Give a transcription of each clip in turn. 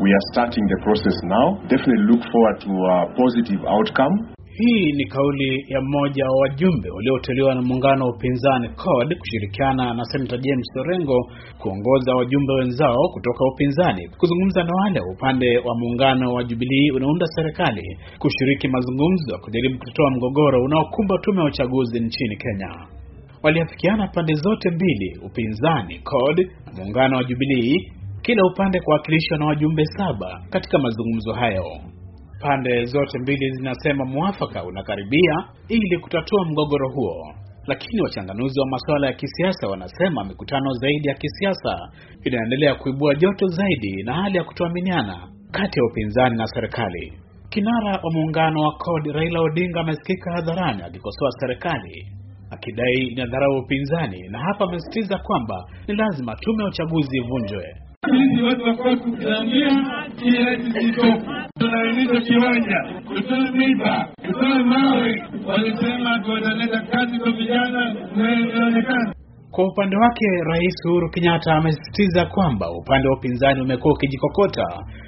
We are starting the process now. Definitely look forward to a positive outcome. Hii ni kauli ya mmoja wa wajumbe walioteuliwa na muungano wa upinzani CORD kushirikiana na Senator James Orengo kuongoza wajumbe wenzao kutoka upinzani kuzungumza na wale upande wa muungano wa Jubilee unaunda serikali kushiriki mazungumzo kujaribu kutoa mgogoro unaokumba tume ya uchaguzi nchini Kenya. Waliafikiana pande zote mbili, upinzani CORD na muungano wa Jubilee kila upande kuwakilishwa na wajumbe saba katika mazungumzo hayo. Pande zote mbili zinasema mwafaka unakaribia ili kutatua mgogoro huo, lakini wachanganuzi wa masuala ya kisiasa wanasema mikutano zaidi ya kisiasa inaendelea kuibua joto zaidi na hali ya kutoaminiana kati ya upinzani na serikali. Kinara wa muungano wa CORD Raila Odinga amesikika hadharani akikosoa serikali akidai inadharau upinzani, na hapa amesisitiza kwamba ni lazima tume ya uchaguzi ivunjwe. Sisi watu wakuwa tukiambia kiwanja, tutoe miba, tutoe mawe. Walisema kazi kwa vijana, kwa upande wake Rais Uhuru Kenyatta amesisitiza kwamba upande wa upinzani umekuwa ukijikokota,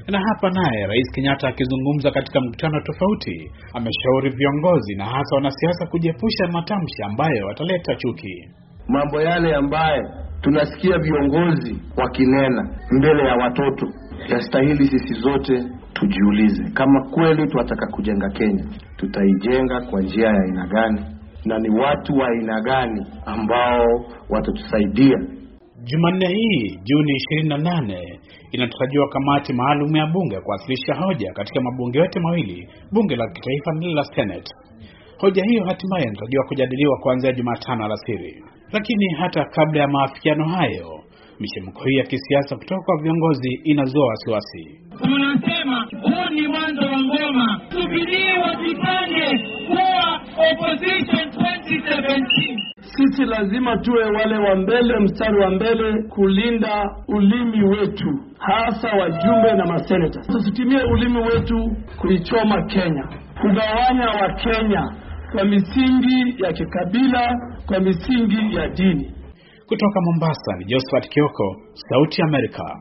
na hapa naye Rais Kenyatta akizungumza katika mkutano tofauti, ameshauri viongozi na hasa wanasiasa kujiepusha matamshi ambayo wataleta chuki. Mambo yale ambayo tunasikia viongozi wakinena mbele ya watoto, yastahili sisi zote tujiulize kama kweli tunataka kujenga Kenya, tutaijenga kwa njia ya aina gani na ni watu wa aina gani ambao watatusaidia. Jumanne hii Juni 28 inatarajiwa kamati maalum ya bunge kuwasilisha hoja katika mabunge yote mawili, bunge la kitaifa na la Senate. Hoja hiyo hatimaye inatarajiwa kujadiliwa kuanzia Jumatano alasiri. Lakini hata kabla ya maafikiano hayo, mishemko hii ya kisiasa kutoka kwa viongozi inazua wasiwasi. Tunasema huu ni mwanzo wa ngoma, subirie wajipange kuwa opposition 2017. Sisi lazima tuwe wale wa mbele, mstari wa mbele kulinda ulimi wetu, hasa wajumbe na maseneta. Tusitumie ulimi wetu kuichoma Kenya, kugawanya Wakenya kwa misingi ya kikabila, kwa misingi ya dini. Kutoka Mombasa ni Josephat Kioko, Sauti ya Amerika.